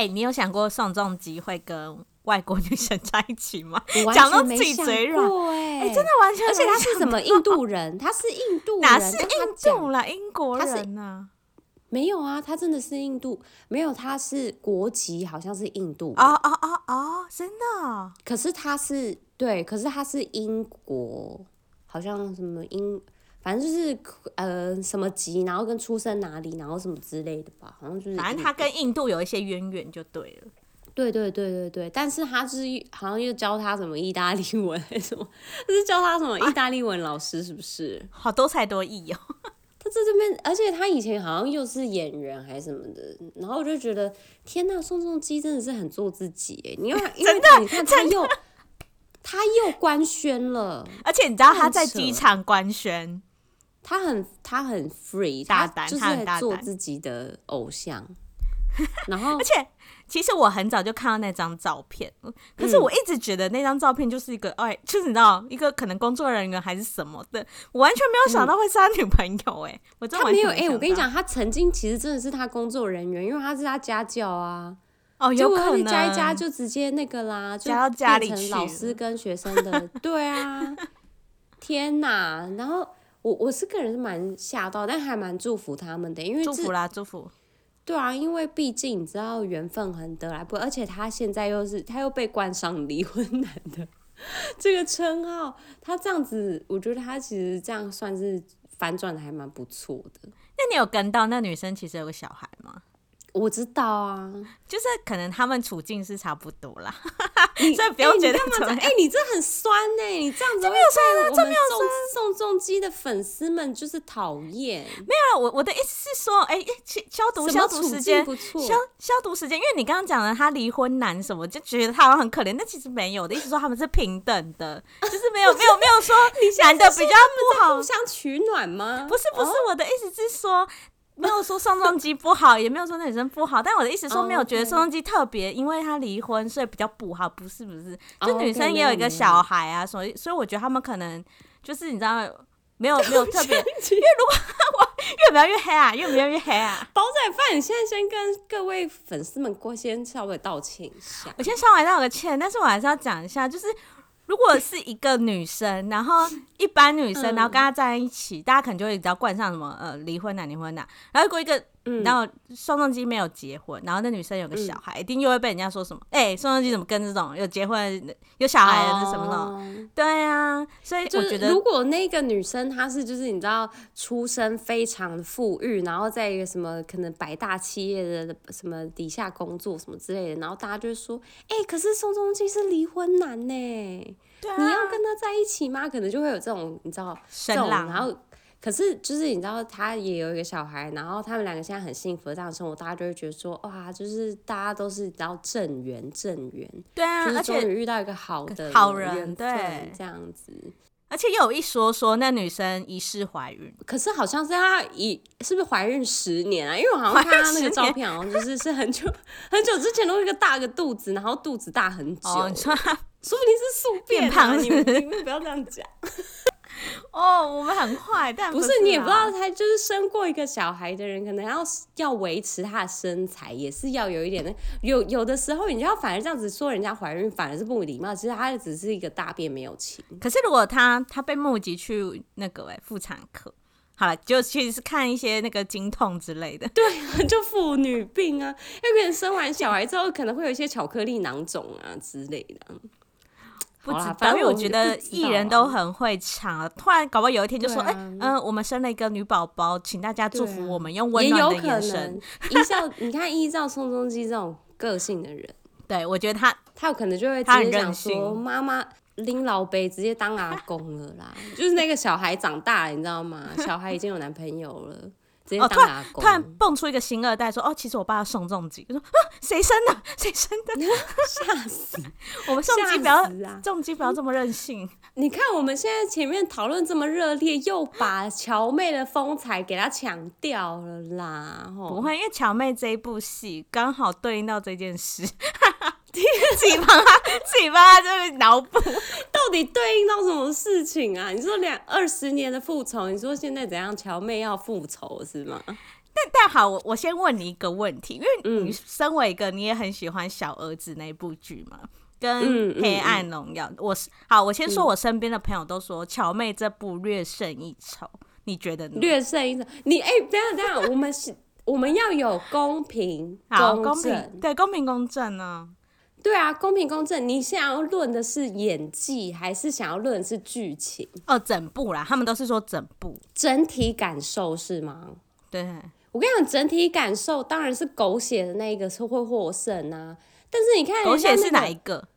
哎、欸，你有想過宋仲基會跟外國女生在一起嗎？講完 到嘴嘴軟，哎、欸欸，真的完全，而且他是什麼印度人？他是印度人，哪是印度啦？英國人啊？沒有啊，他真的是印度，沒有，他是國籍好像是印度哦哦哦哦，oh, oh, oh, oh, oh, 真的？可是他是對，可是他是英國，好像什麼英。反正就是呃什麼籍，然後跟出生哪裡，然後什麼之類的吧，好像就是。反正他跟印度有一些淵源就對了。對對對對對，但是他就是好像又教他什麼意大利文還是什麼，就是教他什麼意大利文老師是不是？啊、好多才多藝哦。他在這邊，而且他以前好像又是演員還是什麼的，然後我就覺得天吶，宋仲基真的是很做自己誒。你看，真的，你看他又的他又官宣了，而且你知道他在機場官宣。他很他很 free 大膽，他做自己的偶像，然後 而且其實我很早就看到那張照片，可是我一直覺得那張照片就是一個、嗯、哎，就是你知道一個可能工作人員還是什麼的，我完全沒有想到會是他女朋友哎，嗯、我沒他沒有哎、欸，我跟你講，他曾經其實真的是他工作人員，因為他是他家教啊，哦有可能家一加就直接那個啦，教到家裡去，老師跟學生的 對啊， 天吶，然後。我我是個人是蠻嚇到，但還蠻祝福他們的，因為祝福啦，祝福。對啊，因為畢竟你知道緣分很得來不得，而且他現在又是他又被冠上離婚男的 這個稱號，他這樣子，我覺得他其實這樣算是反轉的還蠻不錯的。那你有跟到那女生其實有個小孩嗎？我知道啊，就是可能他們處境是差不多啦，所以不要覺得哎，你這很酸呢，你這樣子沒有酸，我們宋宋仲基的粉絲們就是討厭，沒有了。我我的意思是說，哎，消消毒消毒時間不錯，消消毒時間，因為你剛剛講了他離婚難什麼，就覺得他很可憐，那其實沒有的意思說他們是平等的，就是沒有沒有沒有說男的比較不好互相取暖嗎？不是不是，我的意思是說。 沒有說宋仲基不好，也沒有說那女生不好，但我的意思是說沒有覺得宋仲基特別，Okay. 因為他離婚，所以比較不好，不是不是，就女生也有一個小孩啊，Okay. 所以所以我覺得他們可能就是你知道沒有 沒有特別， 因為如果我越描越黑啊，越描越黑啊，寶仔飯，你現在先跟各位粉絲們過先稍微道歉一下， 我先稍微道個歉，但是我還是要講一下，就是。如果是一個女生， 然後一般女生，然後跟她在一起，嗯、大家可能就會比較冠上什麼呃離婚啊，離婚啊，然後如果一個。嗯、然後宋仲基沒有結婚，然後那女生有個小孩，嗯、一定又會被人家說什麼？誒、欸，宋仲基怎麼跟這種有結婚、有小孩的什麼的？哦、對啊，所以我覺得就是如果那個女生她是就是你知道出身非常富裕，然後在一個什麼可能百大企業的什麼底下工作什麼之類的，然後大家就說：誒、欸，可是宋仲基是離婚男呢，啊、你要跟他在一起嗎？可能就會有這種你知道，生浪然後。可是，就是你知道，他也有一個小孩，然後他們兩個現在很幸福的這樣生活，大家就會覺得說，哇，就是大家都是到正緣，正緣。對啊，而且遇到一個好的好人，對，這樣子。而且又有一說說，那女生疑似懷孕，可是好像是她一，是不是懷孕十年啊？因為我好像看到那個照片，好像就是是很久很久之前都是一個大個肚子，然後肚子大很久，哦、你說不定是素變胖了，你們你們不要這樣講。 哦，我們很壞，但不是，啊、不是，你也不知道，他就是生過一個小孩的人，可能要要維持他的身材，也是要有一點的。有有的時候，你就要反而這樣子說人家懷孕，反而是不禮貌。其實他也只是一個大便沒有清。可是如果他他被募集去那個哎、欸、婦產科，好了就去是看一些那個經痛之類的，對，就婦女病啊， 因為可能生完小孩之後可能會有一些巧克力囊腫啊之類的。不，反正知道，等於我覺得藝人都很會搶，突然搞不好有一天就說：“哎、啊欸，嗯，我們生了一個女寶寶，請大家祝福我們，用溫暖的眼神，也有可能， 一笑，你看，依照宋仲基這種個性的人，對，我覺得他他有可能就會直接想說：“媽媽拎老杯，直接當阿公了啦！” 就是那個小孩長大了，你知道嗎？小孩已經有男朋友了。 哦，突然突然蹦出一個星二代說：“哦，其實我爸是宋仲基。”他說：“誰、啊、生的？誰生的？嚇死！ 我們宋仲基不要，不要這麼任性、嗯。你看我們現在前面討論這麼熱烈，又把喬妹的風采給他搶掉了啦。 哦、不會，因為喬妹這一部戲剛好對應到這件事。 ”自己幫他，自己幫他就是腦補， 到底對應到什麼事情啊？你說兩二十年的復仇，你說現在怎樣？喬妹要復仇是嗎？但但好，我我先問你一個問題，因為你身為一個，你也很喜歡小兒子那部劇嘛，嗯、跟《黑暗榮耀》嗯嗯嗯，我好，我先說，我身邊的朋友都說喬妹、嗯、這部略勝一籌，你覺得呢？略勝一籌，你哎、欸、等等， 我們是我們要有公平公正，好公平，對公平公正呢、啊？對啊，公平公正。你現在要論的是演技，還是想要論的是劇情？哦，整部啦，他們都是說整部整體感受是嗎？對，我跟你講，整體感受當然是狗血的那一個是會獲勝啊。但是你看，狗血是、那個、哪一個？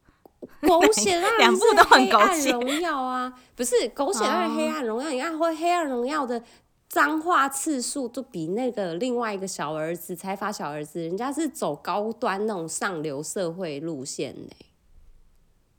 狗血啊，兩 部都很狗血。榮耀啊，不是狗血愛黑暗榮耀，哦、你看會黑暗榮耀的。髒話次數都比那個另外一個小兒子，財閥小兒子，人家是走高端那種上流社會路線呢？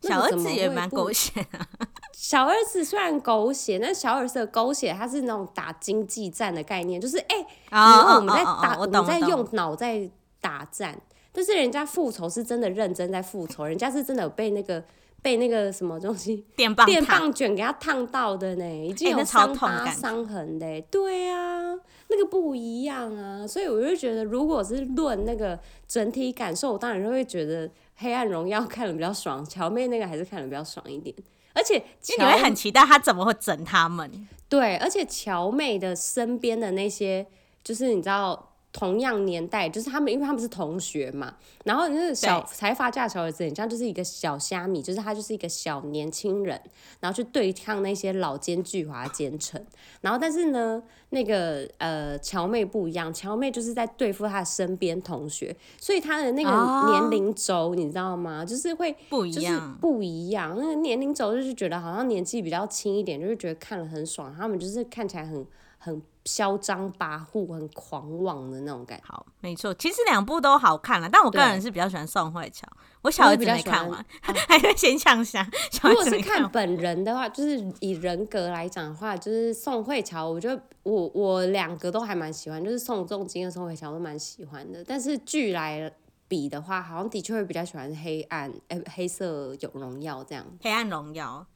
小兒子也蠻狗血 小兒子雖然狗血，但小兒子的狗血他是那種打經濟戰的概念，就是哎，因、欸、為我們在打，我們在用腦在打仗，oh, oh, oh, oh, oh, 但是人家復仇是真的認真在復仇， 人家是真的被那個。被那個什麼東西電棒卷給他燙到的呢？欸、已經有傷疤、傷痕嘞。的對啊，那個不一樣啊，所以我就覺得，如果是論那個整體感受，我當然就會覺得《黑暗榮耀》看的比較爽，喬妹那個還是看的比較爽一點。而且，因為你會很期待她怎麼會整他們。對，而且喬妹的身邊的那些，就是你知道。同樣年代，就是他們，因為他們是同學嘛。然後是小對財閥家的小兒子，你像就是一個小蝦米，就是他就是一個小年輕人，然後去對抗那些老奸巨猾奸臣。 然後但是呢，那個呃喬妹不一樣，喬妹就是在對付她的身邊同學，所以她的那個年齡軸，oh, 你知道嗎？就是會不一樣，就是不一樣。那個年齡軸就是覺得好像年紀比較輕一點，就是覺得看了很爽。他們就是看起來很很。囂張跋扈，很狂妄的那種感覺。好，沒錯，其實兩部都好看了，但我個人是比較喜歡宋慧喬。對我小的比較喜歡，還在先想想。啊、如果是看本人的話，就是以人格來講的話，就是宋慧喬，我覺得我我兩個都還蠻喜歡，就是宋仲基跟宋慧喬，我都蠻喜歡的。但是劇來比的話，好像的確會比較喜歡黑暗，欸，黑色有榮耀這樣，黑暗榮耀。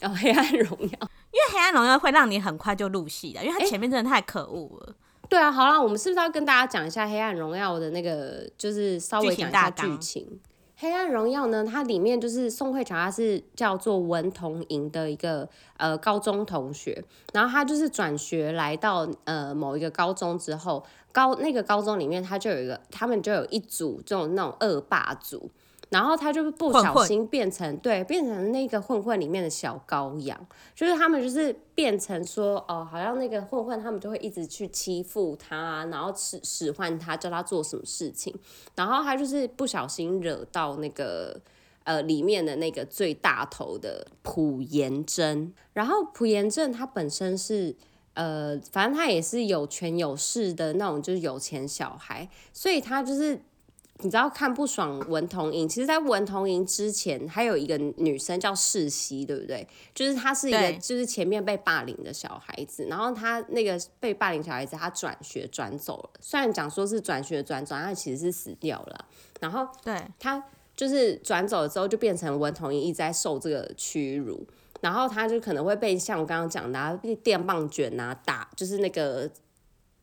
哦，黑暗榮耀， 因為黑暗榮耀會讓你很快就入戲的，因為它前面真的太可惡了。欸。對啊，好啦，我們是不是要跟大家講一下《黑暗榮耀》的那個，就是稍微講一下劇情。情《黑暗榮耀》呢，它裡面就是宋慧喬，他是叫做文同瑩的一個呃高中同學，然後他就是轉學來到呃某一個高中之後，高那個高中裡面他就有一個，他們就有一組這種那種惡霸組。然後他就不小心變成混混對，變成那個混混裡面的小羔羊，就是他們就是變成說，哦，好像那個混混他們就會一直去欺負他，然後使使喚他，叫他做什麼事情，然後他就是不小心惹到那個呃裡面的那個最大頭的朴妍珍。然後朴妍珍他本身是呃，反正他也是有權有勢的那種，就是有錢小孩，所以他就是。你知道看不爽文同珢，其實，在文同珢之前還有一個女生叫世熙，對不對？就是她是一個，就是前面被霸凌的小孩子，對然後她那個被霸凌的小孩子，她轉學轉走了，雖然講說是轉學轉轉，但其實是死掉了。然後，對，她就是轉走了之後，就變成文同珢一直在受這個屈辱，然後她就可能會被像我剛剛講的被電棒卷啊打，就是那個。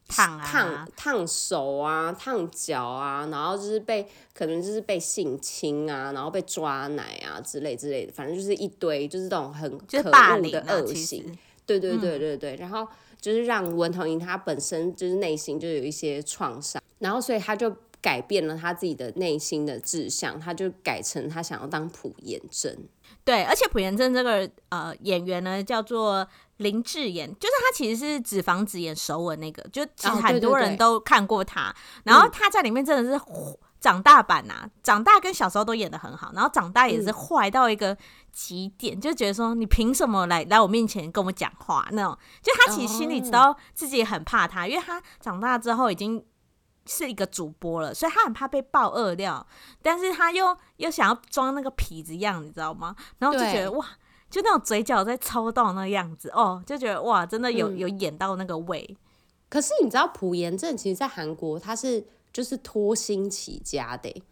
燙、啊、燙燙手啊，燙腳啊，然後就是被可能就是被性侵啊，然後被抓奶啊之類之類的，反正就是一堆就是這種很可惡的惡行，啊、對，對，對對對對對，嗯、然後就是讓文同珢她本身就是內心就有一些創傷，然後所以她就。改變了他自己的內心的志向，他就改成他想要當朴延鎮。對，而且朴延鎮這個呃演員呢，叫做林智妍，就是他其實是《紙房子》演首爾那個，就其實很多人都看過他。哦、對對對然後他在裡面真的是長大版吶、啊，長大跟小時候都演得很好，然後長大也是壞到一個極點，嗯、就覺得說你憑什麼來來我面前跟我講話那種？就他其實心裡知道自己很怕他，哦、因為他長大之後已經。是一個主播了，所以他很怕被爆惡料，但是他又又想要裝那個痞子樣子，你知道嗎？然後就覺得對哇，就那種嘴角在抽動那個樣子，哦，就覺得哇，真的有有演到那個味，嗯。可是你知道朴妍珍，其實，在韓國他是就是脫星起家的，欸，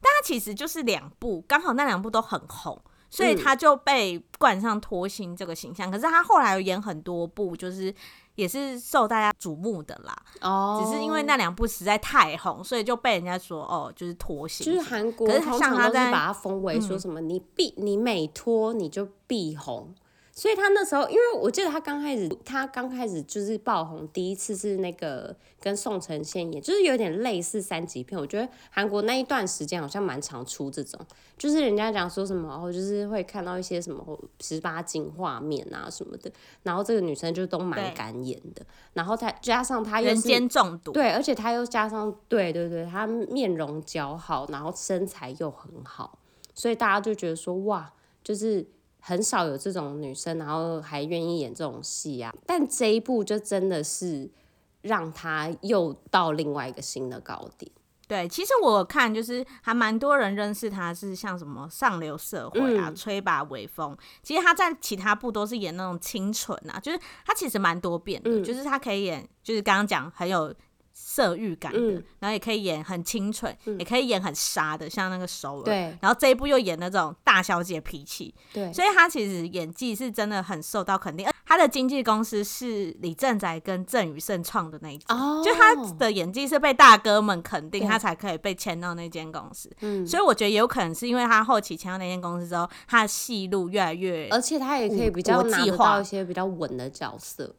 但他其實就是兩部，剛好那兩部都很紅，所以他就被冠上脫星這個形象。嗯，可是他後來有演很多部，就是。也是受大家矚目的啦，哦，只是因為那兩部實在太紅，所以就被人家說哦，就是脫行，就是韓國，可是像他在把他封為說什麼，你必你每脫你就必紅。所以她那時候，因為我記得她剛開始，她剛開始就是爆紅，第一次是那個跟宋承憲演，就是有點類似三級片。我覺得韓國那一段時間好像蠻常出這種，就是人家講說什麼，哦，就是會看到一些什麼十八禁畫面啊什麼的。然後這個女生就都蠻敢演的。對然後她加上她又是人間中毒，對，而且她又加上對對對，她面容姣好，然後身材又很好，所以大家就覺得說哇，就是。很少有這種女生，然後還願意演這種戲啊！但這一部就真的是讓她又到另外一個新的高點。對，其實我看就是還蠻多人認識她，是像什麼上流社會啊、嗯、吹把微風。其實她在其他部都是演那種清純啊，就是她其實蠻多變的，嗯、就是她可以演，就是剛剛講很有色欲感的，嗯、然後也可以演很清純，嗯、也可以演很殺的，像那個熟人，對然後這一部又演那種大小姐脾氣。對，所以他其實演技是真的很受到肯定。對他的經紀公司是李正宰跟鄭宇盛創的那一種，哦、就他的演技是被大哥們肯定，他才可以被簽到那間公司。對所以我覺得有可能是因為他後期簽到那間公司之後，他的戲路越來越，而且他也可以比較拿到一些比較穩的角色。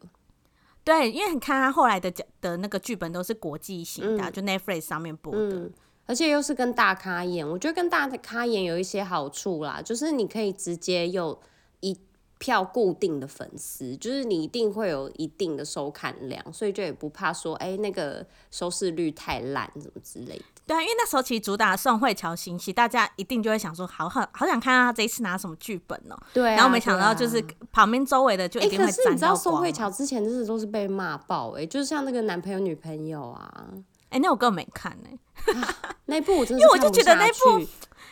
對，因為你看他後來的講的那個劇本都是國際型的，嗯、就 Netflix 上面播的、嗯，而且又是跟大咖演，我覺得跟大咖演有一些好處啦，就是你可以直接有一票固定的粉絲，就是你一定會有一定的收看量，所以就也不怕說哎、欸、那個收視率太爛什麼之類的。對啊，因為那時候其實主打宋慧喬新戲，大家一定就會想說，好好好想看看他這一次拿什麼劇本哦、喔。對、啊。然後沒想到就是旁邊周圍的就一定會沾到光、欸、可是你知道宋慧喬之前真的都是被罵爆哎、欸，欸、就是像那個男朋友女朋友啊，哎、欸、那我更沒看哎、欸 啊，那一部我真的是我，因為我就覺得那一部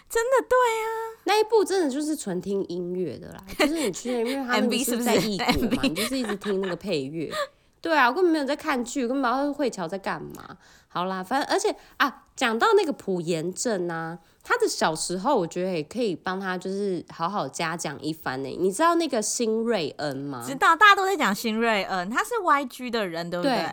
真的對啊，那一部真的就是純聽音樂的啦，就是你去，因為他 MV 是在異國嘛，是不是你就是一直聽那個配樂。 對啊，我根本沒有在看劇，我根本不知道是慧喬在幹嘛。好啦，反正而且啊，講到那個朴妍珍啊，他的小時候，我覺得也可以幫他就是好好嘉獎一番呢、欸。你知道那個新瑞恩嗎？知道，大家都在講新瑞恩，他是 YG 的人，對不對？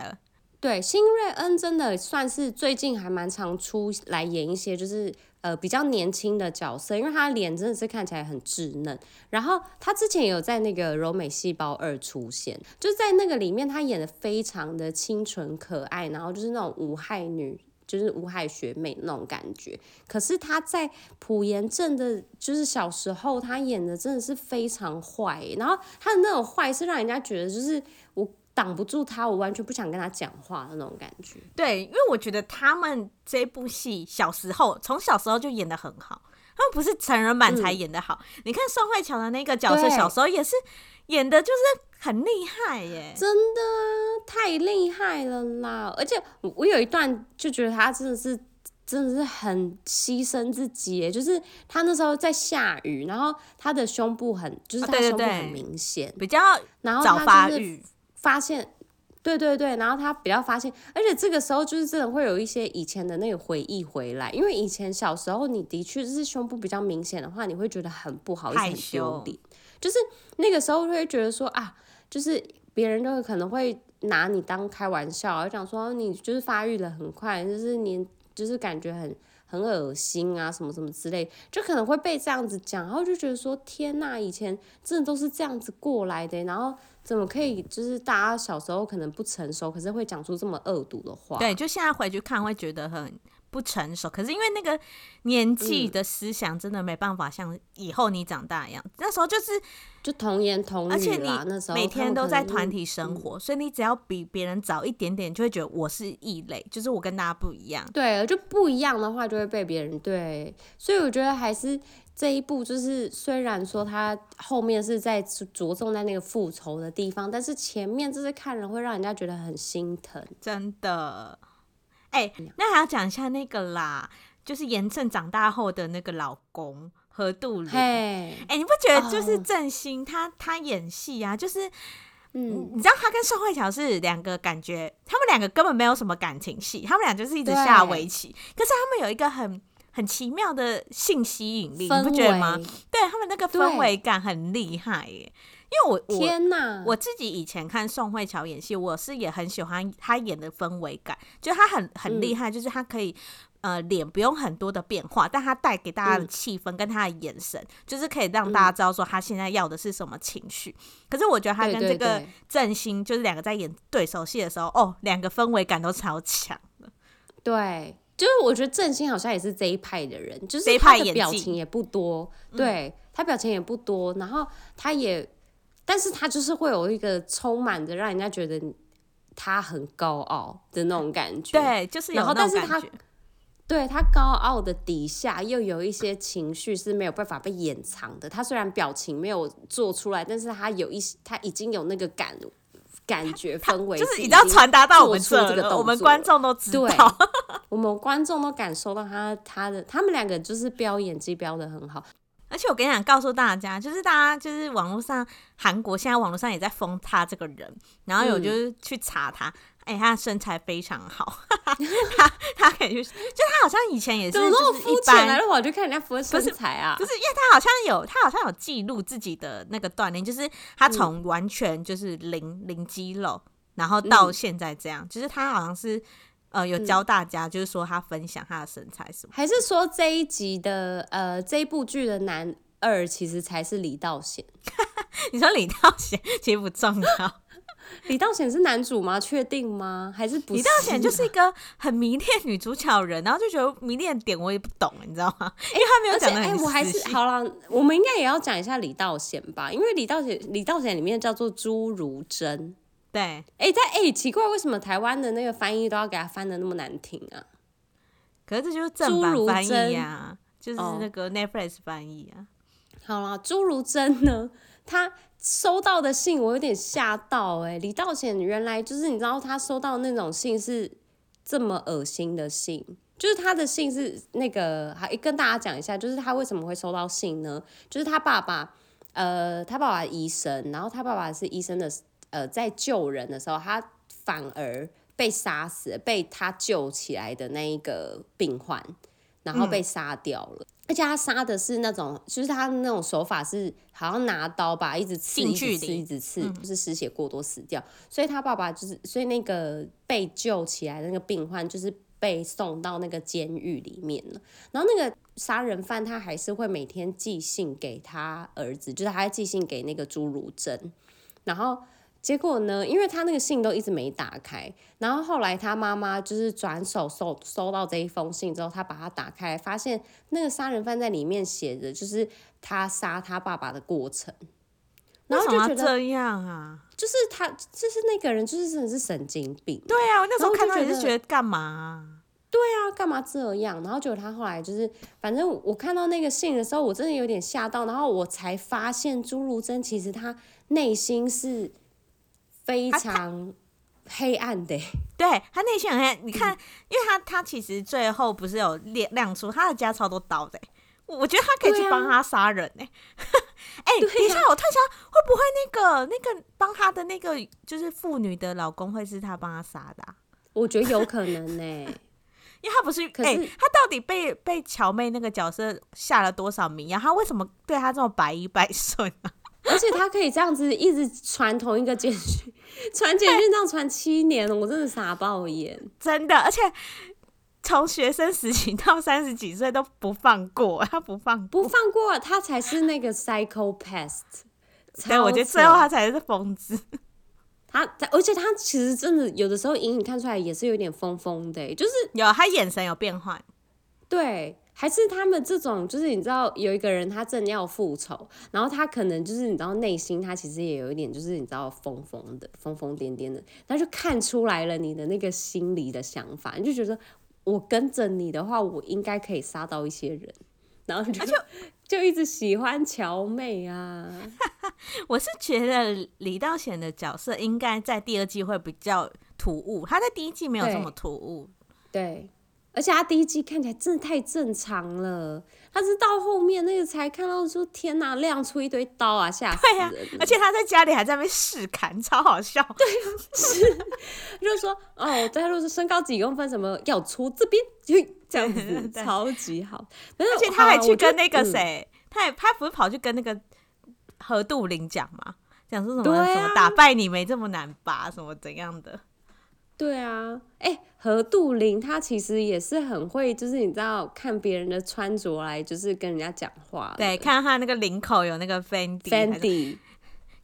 對，新瑞恩真的算是最近還蠻常出來演一些，就是。呃，比較年輕的角色，因為她臉真的是看起來很稚嫩。然後她之前也有在那個《柔美細胞二》出現，就在那個裡面，她演的非常的清純可愛，然後就是那種無害女，就是無害學妹那種感覺。可是她在朴妍正的，就是小時候，她演的真的是非常壞。然後她的那種壞是讓人家覺得就是。擋不住他，我完全不想跟他講話的那種感覺。對，因為我覺得他們這部戲小時候，從小時候就演得很好，他們不是成人版才演得好。嗯、你看宋慧喬的那個角色，小時候也是演得，就是很厲害耶，真的太厲害了啦！而且我有一段就覺得他真的是，真的是很犧牲自己，就是他那時候在下雨，然後他的胸部很，就是胸部、啊、對對對，很明顯，比較然後早發育。發現，對對對，然後他比較發現，而且這個時候就是真的會有一些以前的那個回憶回來，因為以前小時候你的確是胸部比較明顯的話，你會覺得很不好意思，丟臉，羞就是那個時候會覺得說啊，就是別人就可能會拿你當開玩笑，就講說、啊、你就是發育的很快，就是你就是感覺很很惡心啊，什麼什麼之類，就可能會被這樣子講，然後就覺得說天哪，以前真的都是這樣子過來的，然後。怎麼可以？就是大家小時候可能不成熟，可是會講出這麼惡毒的話。對，就現在回去看會覺得很不成熟，可是因為那個年紀的思想真的沒辦法像以後你長大一樣。嗯、那時候就是就童言童語，而且你每天都在團體生活，嗯、所以你只要比別人早一點點，就會覺得我是異類，就是我跟大家不一樣。對，就不一樣的話就會被別人對，所以我覺得還是。這一部就是，雖然說他後面是在着重在那個復仇的地方，但是前面就是看人會讓人家覺得很心疼，真的。哎、欸，那還要講一下那個啦，就是嚴正長大後的那個老公何杜梁。哎 Hey,、欸，你不覺得就是鄭興、oh, 他他演戲啊，就是嗯，你知道他跟宋慧喬是兩個感覺，他們兩個根本沒有什麼感情戲，他們倆就是一直下圍棋，對可是他們有一個很。很奇妙的性吸引力，你不覺得嗎？圍對，他們那個氛圍感很厲害耶，對因為我，我天吶哪，我自己以前看宋慧喬演戲，我是也很喜歡她演的氛圍感，就她很很厲害，嗯、就是她可以呃臉不用很多的變化，但她帶給大家的氣氛跟她的眼神，嗯、就是可以讓大家知道說她現在要的是什麼情緒。嗯、可是我覺得她跟這個鄭興就是兩個在演對手戲的時候，哦，兩個氛圍感都超強的，對。就是我覺得鄭興好像也是這一派的人，就是他的表情也不多，嗯、對，他表情也不多，然後他也，但是他就是會有一個充滿著，讓人家覺得他很高傲的那種感覺，對，就是有然後但是他，覺對，他高傲的底下又有一些情緒是沒有辦法被掩藏的，他雖然表情沒有做出來，但是他有一他已經有那個感覺。感覺氛圍就是一定要傳達到我們這個了，我們觀眾都知道，我們觀眾都感受到他他的他們兩個就是飆演技飆的很好，而且我跟你講，告訴大家，就是大家就是網絡上韓國現在網絡上也在封他這個人，然後有就是去查他。嗯哎、欸，他的身材非常好，哈哈 他他可以去，就是，就他好像以前也是，就是，怎麼那麼膚淺呢？我就看人家膚色，身材啊，就是因為他好像有，他好像有記錄自己的那個鍛鍊，就是他從完全就是零、嗯、零肌肉，然後到現在這樣，嗯、就是他好像是呃有教大家，就是說他分享他的身材什麼，還是說這一集的呃這一部劇的男二其實才是李道賢？ 你說李道賢其實不重要。 李道賢是男主嗎？確定嗎？還是不是、啊？李道賢就是一個很迷戀女主角的人， 然後就覺得迷戀的點我也不懂，你知道嗎？欸、因為他沒有講的、欸、我還是好了，我們應該也要講一下李道賢吧，因為李道賢，李道賢裡面叫做朱如真，對。誒、欸，在哎、欸，奇怪，為什麼台灣的那個翻譯都要給他翻得那麼難聽啊？可是這就是正版翻譯啊，就是那個 Netflix 翻譯啊。哦、好了，朱如真呢，他。收到的信，我有點嚇到哎。李道賢原來就是你知道他收到那種信是這麼惡心的信，就是他的信是那個，還跟大家講一下，就是他為什麼會收到信呢？就是他爸爸，呃，他爸爸醫生，然後他爸爸是醫生的，呃，在救人的時候，他反而被殺死了，被他救起來的那一個病患。然後被殺掉了，嗯、而且他殺的是那種，就是他那種手法是好像拿刀吧，一直刺，去一直刺，一直刺，嗯、就是失血過多死掉。所以他爸爸就是，所以那個被救起來的那個病患就是被送到那個監獄裡面了。然後那個殺人犯他還是會每天寄信給他兒子，就是他還寄信給那個朱如珍，然後。結果呢？因為他那個信都一直沒打開，然後後來他媽媽就是轉手收，收到這一封信之後，他把它打開，發現那個殺人犯在裡面寫着，就是他殺他爸爸的過程。然後就覺得這樣啊？就是他，就是那個人，就是真的是神經病啊。對啊，我那時候看到也是覺得幹嘛？對啊，幹嘛這樣？然後覺得他後來就是，反正我看到那個信的時候，我真的有點嚇到，然後我才發現朱如真其實他內心是。非常、啊、黑暗的，對他內心很黑暗。你看，嗯、因為他他其實最後不是有亮亮出他的家超多刀的，我覺得他可以去幫他殺人哎。等一下，我猜想會不會那個那個幫他的那個就是婦女的老公會是他幫他殺的、啊？我覺得有可能呢， 因為他不是誒是、欸，他到底被被喬妹那個角色下了多少迷藥？他為什麼對他這麼百依百順呢？ 而且他可以這樣子一直傳同一個簡訊，傳 簡訊這樣傳七年了，對我真的傻爆眼。真的，而且從學生時期到三十幾歲都不放過，他不放過，不放過，他才是那個 psychopath 纏。所以我覺得最後他才是瘋子。他，而且他其實真的有的時候隱隱看出來也是有點瘋瘋的、欸，就是有他眼神有變換。對。還是他們這種，就是你知道有一個人他正要復仇，然後他可能就是你知道內心他其實也有一點就是你知道瘋瘋的瘋瘋癲癲的，他就看出來了你的那個心裡的想法，你就覺得我跟着你的話，我應該可以殺到一些人，然後他就、啊、就， 就一直喜歡喬妹啊。 我是覺得李道賢的角色應該在第二季會比較突兀，他在第一季沒有這麼突兀，對，對。而且他第一季看起來真的太正常了，他是到後面那個才看到說天哪，亮出一堆刀啊，嚇死人。對呀、啊，而且他在家裡還在被試砍，超好笑。對，是 就是說哦，他如果是身高幾公分，什麼要出這邊，這樣子對對對超級好。而且他還去跟那個誰，嗯、他他不是跑去跟那個何杜林講嘛，講說什麼，、啊、什麼打敗你沒這麼難吧，什麼怎樣的。對啊，哎、欸，何杜靈他其實也是很會，就是你知道看別人的穿着來，就是跟人家講話。對，看他那個領口有那個 Fendi。Fendi。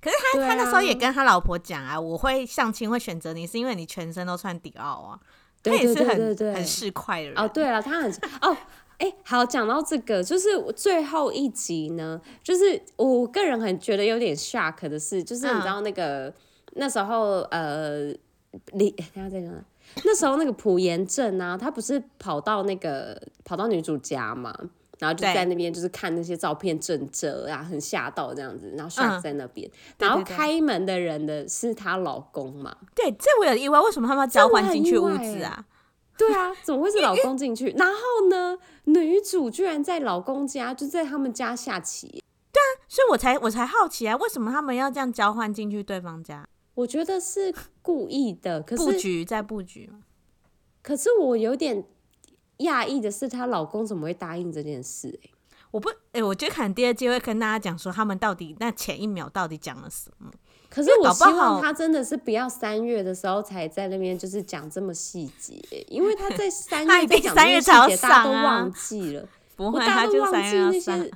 可是他、啊、他那時候也跟他老婆講啊，我會相親會選擇你，是因為你全身都穿 Dior 啊。對，對對對對，是很市儈的人。哦，對了，他很 哦，哎、欸，好，講到這個，就是我最後一集呢，就是我個人很覺得有點 shock 的事，就是你知道那個、嗯、那時候呃。你，等下再說。那時候那個朴妍正啊，他不是跑到那個跑到女主家嘛，然後就在那邊就是看那些照片、正軸啊，很嚇到這樣子，然後睡在那邊。嗯、對對對。然後開門的人的是她老公嘛？對，這我有意外，為什麼他們要交換進去屋子啊的、欸？對啊，怎麼會是老公進去？ 你然後呢，女主居然在老公家，就在他們家下棋、欸。對啊，所以我才我才好奇啊，為什麼他們要這樣交換進去對方家？我覺得是故意的，可是布局在布局。布局，可是我有點訝異的是，她老公怎麼會答應這件事、欸我欸？我不哎，我覺得可能第二季會跟大家講說，他們到底那前一秒到底講了什麼？可是我希望他真的是不要三月的時候才在那邊就是講這麼細節、欸，因為他在三月在講這些細節，大家都忘記了， 啊、不會我大家都忘記那些。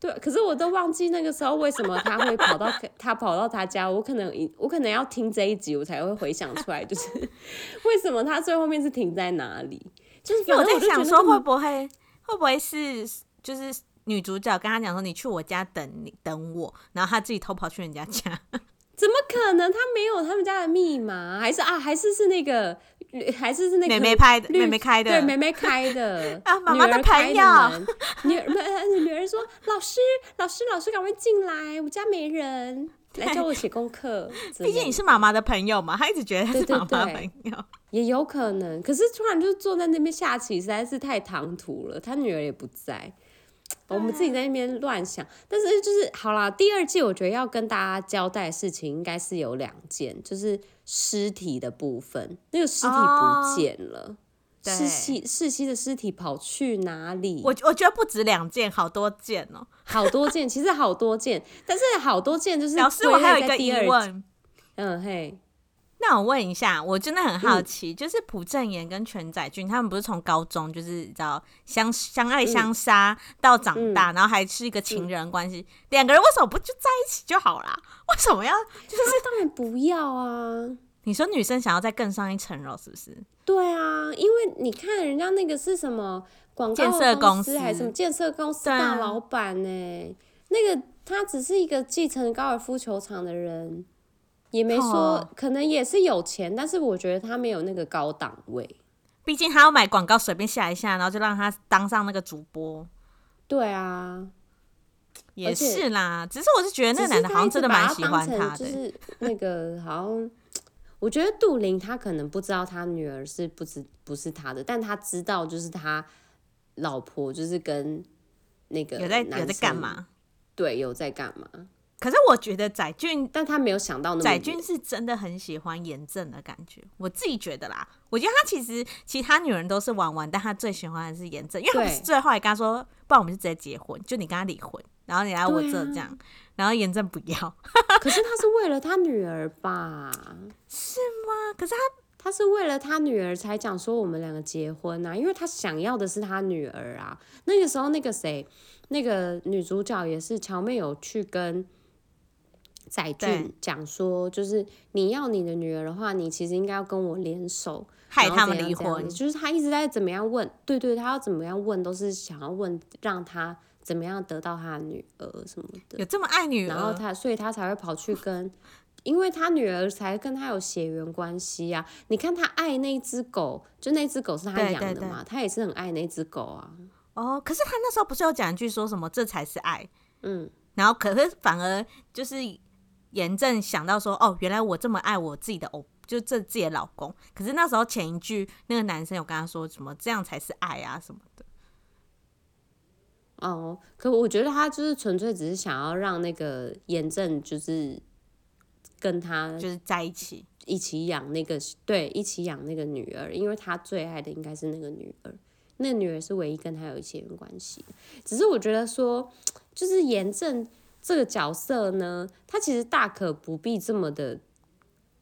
對，可是我都忘記那個時候為什麼他會跑到 他跑到他家，我可能一我可能要聽這一集，我才會回想出來，就是為什麼他最後面是停在哪裡？ 就是有我在想說，會不會 會不會是就是女主角跟他講說你去我家等你等我，然後他自己偷跑去人家家， 怎麼可能？他沒有他們家的密碼，還是啊，還是是那個。還是是那個妹妹拍的，妹妹開的，對，妹妹開的。媽媽、 啊、的朋友，女女 女兒說：“老師，老師，老師，趕快進來，我家沒人，來教我寫功課。對”畢的竟你是媽媽的朋友嘛，她一直覺得她是媽媽的朋友，對對對，也有可能。可是突然就坐在那邊下棋實在是太唐突了，她女兒也不在。哦、我們自己在那邊亂想，但是就是好了。第二季我覺得要跟大家交代的事情應該是有兩件，就是屍體的部分，那個屍體不見了，哦、世熙世熙的屍體跑去哪裡？我我覺得不止兩件，好多件哦，好多件，其實好多件， 但是好多件就是在在。老師，我還有一個疑問。嗯嘿。那我問一下，我真的很好奇，嗯、就是朴正妍跟全宰俊他們不是從高中就是叫相相愛相殺、嗯、到長大，嗯、然後還是一個情人關係，兩、嗯、個人為什麼不就在一起就好了？為什麼要？就是當然不要啊！你說女生想要再更上一層樓是不是？對啊，因為你看人家那個是什麼廣告公司，建設公司還是什麼建設公司大老板哎、欸，啊、那個他只是一個繼承高爾夫球場的人。也沒說，Oh. 可能也是有錢，但是我覺得他沒有那個高檔位，畢竟他要買廣告隨便下一下，然後就讓他當上那個主播。對啊，也是啦。且只是我是覺得那個男的好像真的蠻喜歡他的，是他他就是那個好像， 我覺得杜玲他可能不知道他女兒是不知不是他的，但他知道就是他老婆就是跟那個有在有在幹嘛？對，有在幹嘛？可是我覺得宰俊，但他沒有想到那，宰俊是真的很喜歡嚴正的感覺。我自己覺得啦，我覺得他其實其他女人都是玩玩，但他最喜歡的是嚴正。因為他是最後還跟他說，對不然我們就直接結婚，就你跟他離婚，然後你來我這這樣，啊、然後嚴正不要。 可是他是為了他女兒吧？是嗎？可是他他是為了他女兒才講說我們兩個結婚吶、啊，因為他想要的是他女兒啊。那個時候那個誰，那個女主角也是喬妹有去跟。載俊講說，對就是你要你的女兒的話，你其實應該要跟我聯手，害他們離婚怎樣怎樣。就是他一直在怎麼樣問，對對,對，他要怎麼樣問，都是想要問讓他怎麼樣得到他的女兒什麼的。有這麼愛女兒？然後他，所以他才會跑去跟， 因為他女兒才跟他有血緣關係啊。你看他愛那只狗，就那只狗是他養的嘛，對對對他也是很愛那只狗啊。哦，可是他那時候不是有講一句說什麼這才是愛？嗯，然後可是反而就是。妍珍想到說：“哦，原來我這麼愛我自己的哦，就這自己的老公。可是那時候前一句那個男生有跟他說什麼，這樣才是愛啊什麼的。”哦，可我覺得他就是純粹只是想要讓那個妍珍就是跟他、那個，就是在一起，一起養那個對，一起養那個女兒，因為他最愛的應該是那個女兒，那女兒是唯一跟他有血緣關係。只是我覺得說，就是妍珍。這個角色呢，他其實大可不必這麼的，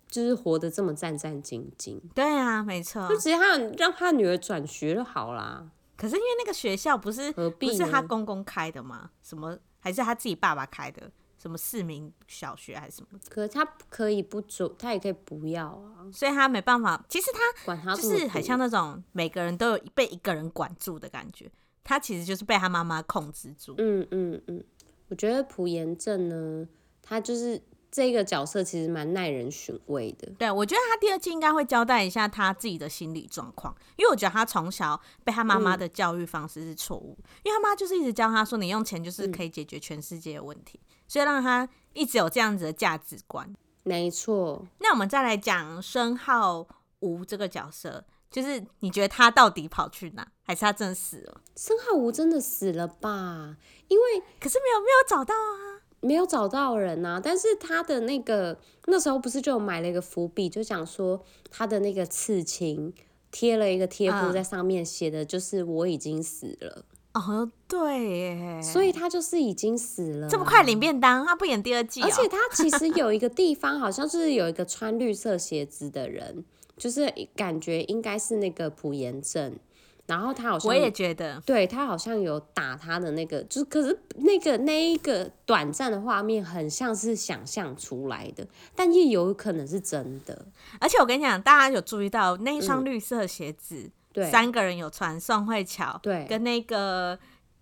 就是活得這麼戰戰兢兢。對啊，沒錯，就直接他讓他女兒轉學就好啦。可是因為那個學校不是不是他公公開的嗎？什麼還是他自己爸爸開的？什麼市民小學還是什麼？可他可以不做，他也可以不要啊。所以他沒辦法。其實他管他就是很像那種每個人都被一個人管住的感覺。他其實就是被他媽媽控制住。嗯嗯嗯。嗯嗯我覺得朴涎鎮呢，他就是這個角色，其實蠻耐人尋味的。對，我覺得他第二季應該會交代一下他自己的心理狀況，因為我覺得他從小被他媽媽的教育方式是錯誤，嗯、因為他媽就是一直教他說，你用錢就是可以解決全世界的問題，嗯、所以讓他一直有這樣子的價值觀。沒錯。那我們再來講孫浩吾這個角色。就是你覺得他到底跑去哪，還是他真的死了？申浩吾真的死了吧？因為可是沒有沒有找到啊，沒有找到人啊。但是他的那個那時候不是就買了一個伏筆，就講說他的那個刺青貼了一個貼布在上面，寫的就是我已經死了。嗯、哦，對耶，所以他就是已經死了。這麼快領便當，他不演第二季？喔，而且他其實有一個地方，好像是有一個穿綠色鞋子的人。就是感覺應該是那個朴妍珍，然後他好像我也覺得，對他好像有打他的那個，就是可是那個那一個短暫的畫面很像是想象出來的，但也有可能是真的。而且我跟你講，大家有注意到那雙綠色鞋子，嗯、對，三個人有穿，宋慧喬，對，跟那個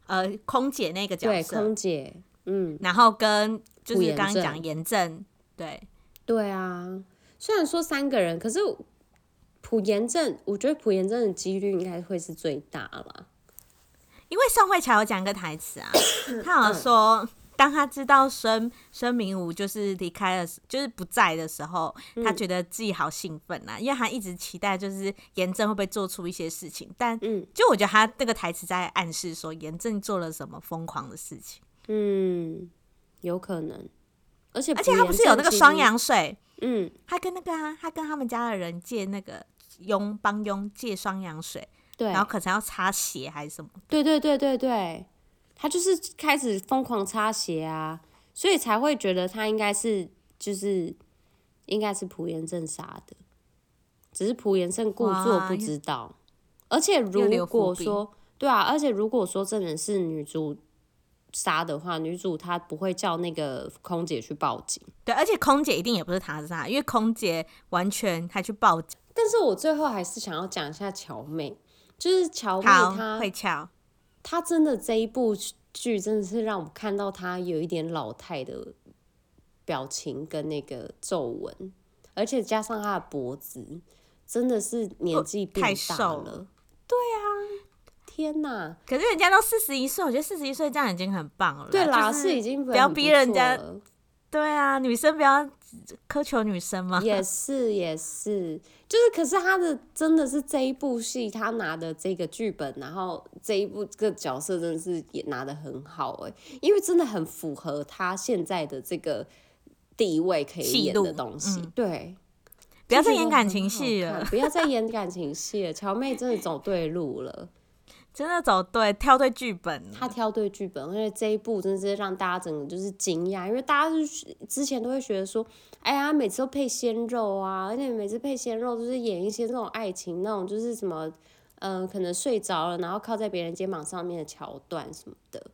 呃空姐那個角色，空姐，嗯，然後跟就是剛剛講妍珍，對，對啊，雖然說三個人，可是。朴妍珍，我覺得朴妍珍的幾率應該會是最大吧？因為宋慧喬有講一個台詞啊， 他好像說，當他知道孫孫明武就是離開了，就是不在的時候，他覺得自己好興奮啊，嗯、因為他一直期待就是妍珍會不會做出一些事情，但嗯，就我覺得他這個台詞在暗示說，妍珍做了什麼瘋狂的事情，嗯，有可能，而且而且他不是有那個雙氧水，嗯，他跟那個啊，他跟他們家的人借那個。傭幫傭借雙氧水，然後可能要擦鞋還是什麼？對對對對對，他就是開始瘋狂擦鞋啊，所以才會覺得他應該是就是應該是朴涎鎮殺的，只是朴涎鎮故作不知道。哇而且如果說流流對啊，而且如果說真的是女主殺的話，女主她不會叫那個空姐去報警。對，而且空姐一定也不是她殺，因為空姐完全還去報警。但是我最後還是想要講一下喬妹，就是喬妹她，會翹。她真的這一部劇真的是讓我們看到她有一點老態的，表情跟那個皺紋，而且加上她的脖子，真的是年紀、哦、太瘦了。對啊，天哪、啊！可是人家都四十一歲，我覺得四十一歲這樣已經很棒了。對啦，是已經不要逼人家，人家。對啊，女生不要。苛求女生嗎？也是也是，就是可是她的真的是這一部戲她拿的這個劇本，然後這一部這個角色真的是也拿得很好哎、欸，因為真的很符合她現在的這個地位可以演的東西。嗯、對，不要再演感情戲了，不要再演感情戲了，喬 妹真的走對路了。真的找對，挑對劇本。他挑對劇本，因為這一部真的是讓大家整個就是驚訝，因為大家之前都會覺得說，哎呀，每次都配鮮肉啊，而且每次配鮮肉就是演一些那種愛情那種就是什麼，嗯、呃，可能睡着了然後靠在別人肩膀上面的橋段什麼的。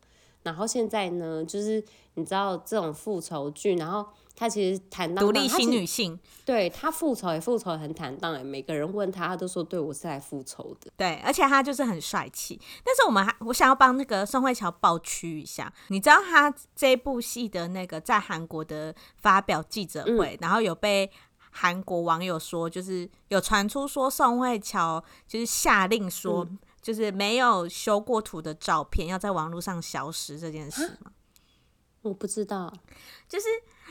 然後現在呢，就是你知道這種復仇劇，然後。他其實坦蕩，獨立新女性，他對他復仇也復仇很坦蕩。每個人問他，他都說：“對我是來復仇的。”對，而且他就是很帥氣。但是我們還，我想要幫那個宋慧喬抱屈一下。你知道他這部戲的那個在韓國的發表記者會，嗯、然後有被韓國網友說，就是有傳出說宋慧喬就是下令說，嗯、就是沒有修過圖的照片要在網絡上消失這件事嗎？我不知道，就是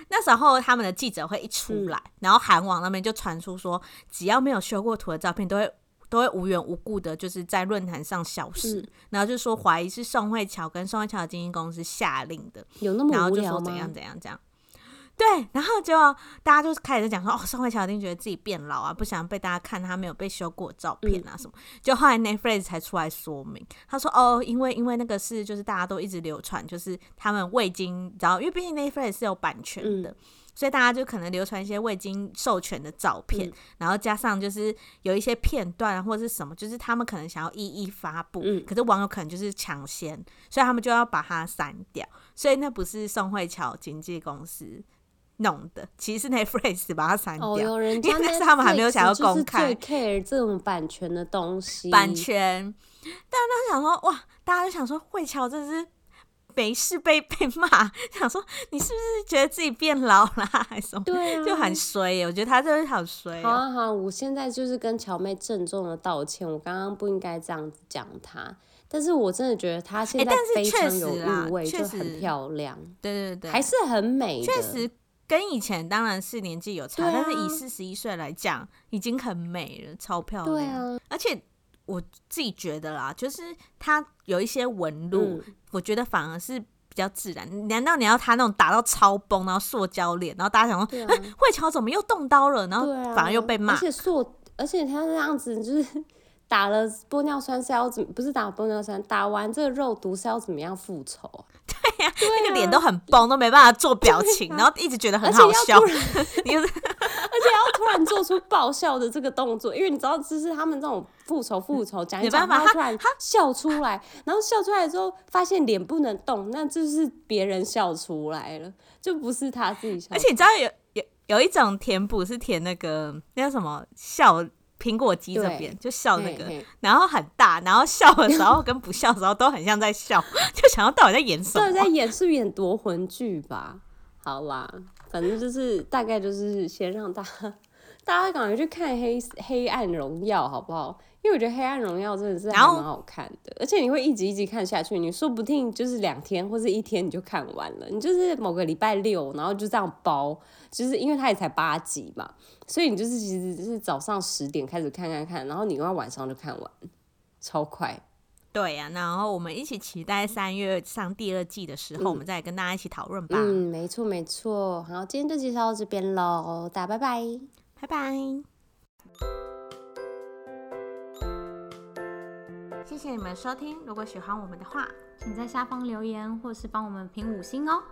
那時候他們的記者會一出來，是然後韓網那邊就傳出說，只要沒有修過圖的照片，都會都會無緣無故的，就是在論壇上消失，是然後就說懷疑是宋慧喬跟宋慧喬的經紀公司下令的，有那麼無聊嗎？然後就說怎樣怎樣這樣？對，然後就大家就開始講說，哦，宋慧喬一定覺得自己變老啊，不想被大家看她沒有被修過照片啊什麼。嗯、就後來 Netflix 才出來說明，他說，哦，因為因為那個是就是大家都一直流傳，就是他們未經，然後因為畢竟 Netflix 是有版權的，嗯、所以大家就可能流傳一些未經授權的照片，嗯、然後加上就是有一些片段或者是什麼，就是他們可能想要一一發布，嗯、可是網友可能就是搶先，所以他們就要把它刪掉。所以那不是宋慧喬經紀公司，弄的，其實是那 phrase 把它刪掉，但是、oh, 他們還沒有想要公開。最 care 這種版權的東西，版權。但當時想說，哇，大家都想說，慧喬真是沒事被被罵，想說你是不是覺得自己變老了，還是什麼？對、啊，就很衰、欸。我覺得他真的很衰、喔、好衰。好啊好，我現在就是跟喬妹鄭重的道歉，我剛剛不應該這樣子講她，但是我真的覺得她現在非常有韻味、欸、實，確實很漂亮。對，對對對，還是很美。確實。跟以前當然是年紀有差，對啊、但是以四十一歲來講，已經很美了，超漂亮。對啊，而且我自己覺得啦，就是她有一些紋路，嗯、我覺得反而是比較自然。難道你要她那種打到超崩，然後塑膠臉，然後大家想說、對啊、欸、慧喬怎麼又動刀了，然後反而又被罵、對啊。而且塑，而且她這樣子就是打了玻尿酸是要怎麼？不是打玻尿酸，打完這個肉毒是要怎麼樣復仇、啊對、哎、呀，對啊、那個臉都很崩，都沒辦法做表情，啊、然後一直覺得很好笑。啊、而且要突然， 你就是、而且要突然做出爆笑的這個動作， 因為你知道，只是他們這種復仇復仇講、嗯、一把他突然哈笑出來，然後笑出來之後發現臉不能動，哈那就是別人笑出來了，就不是他自己笑。而且你知道有有有，有一種填補是填那個那叫什麼笑。蘋果肌這邊對就笑那個，嘿嘿然後很大，然後笑的時候跟不笑的時候都很像在笑， 就想要到底在演什麼？到底在演是不是演奪魂劇吧？好啦，反正就是 大概就是先讓大家大家趕快去看黑《黑黑暗榮耀》，好不好？因為我覺得《黑暗榮耀》真的是還蠻好看的，然後，而且你會一集一集看下去，你說不定就是兩天或者一天你就看完了。你就是某個禮拜六，然後就這樣包，就是因為它也才八集嘛，所以你就是其實就是早上十點開始看看看，然後你用到晚上就看完，超快。對呀、啊，然後我們一起期待三月上第二季的時候，嗯、我們再來跟大家一起討論吧。嗯，沒錯沒錯。好，今天就介紹到這邊嘍，大家拜拜，拜拜。謝謝你們收聽，如果喜歡我們的話，請在下方留言，或是幫我們評五星哦。